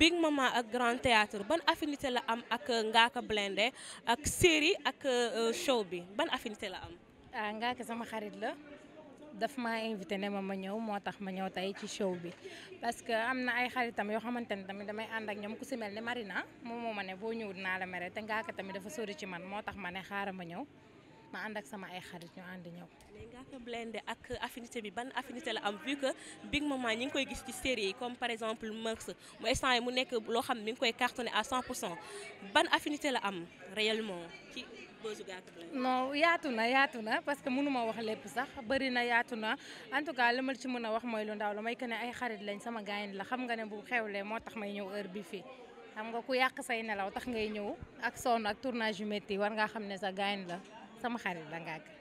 Big Mama ak Grand Théâtre ban afinité la am ak Ngaaka Blindé ak série ak euh, show bi ban affinité la am. ah Ngaaka sama xarit la dafa maa invité ne ma ma ñëw moo tax ma ñëw tey ci show bi parce que am na ay xaritam yoo xamante ne tamit damay ànd ak ñoom ku si mel ne Marina moom moo ma ne boo ñëwul naa la mere te Ngaaka tamit dafa sori ci man moo tax ma ne xaaral ma ñëw. ma ànd ak sama ay xarit ñu ànd ñëw. léegi Ngaaka ak affinité bi ban affinité la am vu que Big Maman ñi ngi koy gis ci série yi comme par exemple Mœurs mu instant yi mu loo xam ne mi ngi koy cartonné à 100 pour ban affinité la am réellement ci boosu Ngaaka yaatu na yaatu na parce que mënu wax lépp sax bëri na yaatu na en tout cas li ma ci mën a wax mooy lu ndaw la may que ne ay xarit lañ sama gaañ la xam nga ne bu xewlee moo tax may ñëw heure bi fii. xam nga ku yàq say nelaw tax ñëw ak sonn ak tournage yu métti war ngaa xam ne sa gaañ la sama xarit la Ngaaka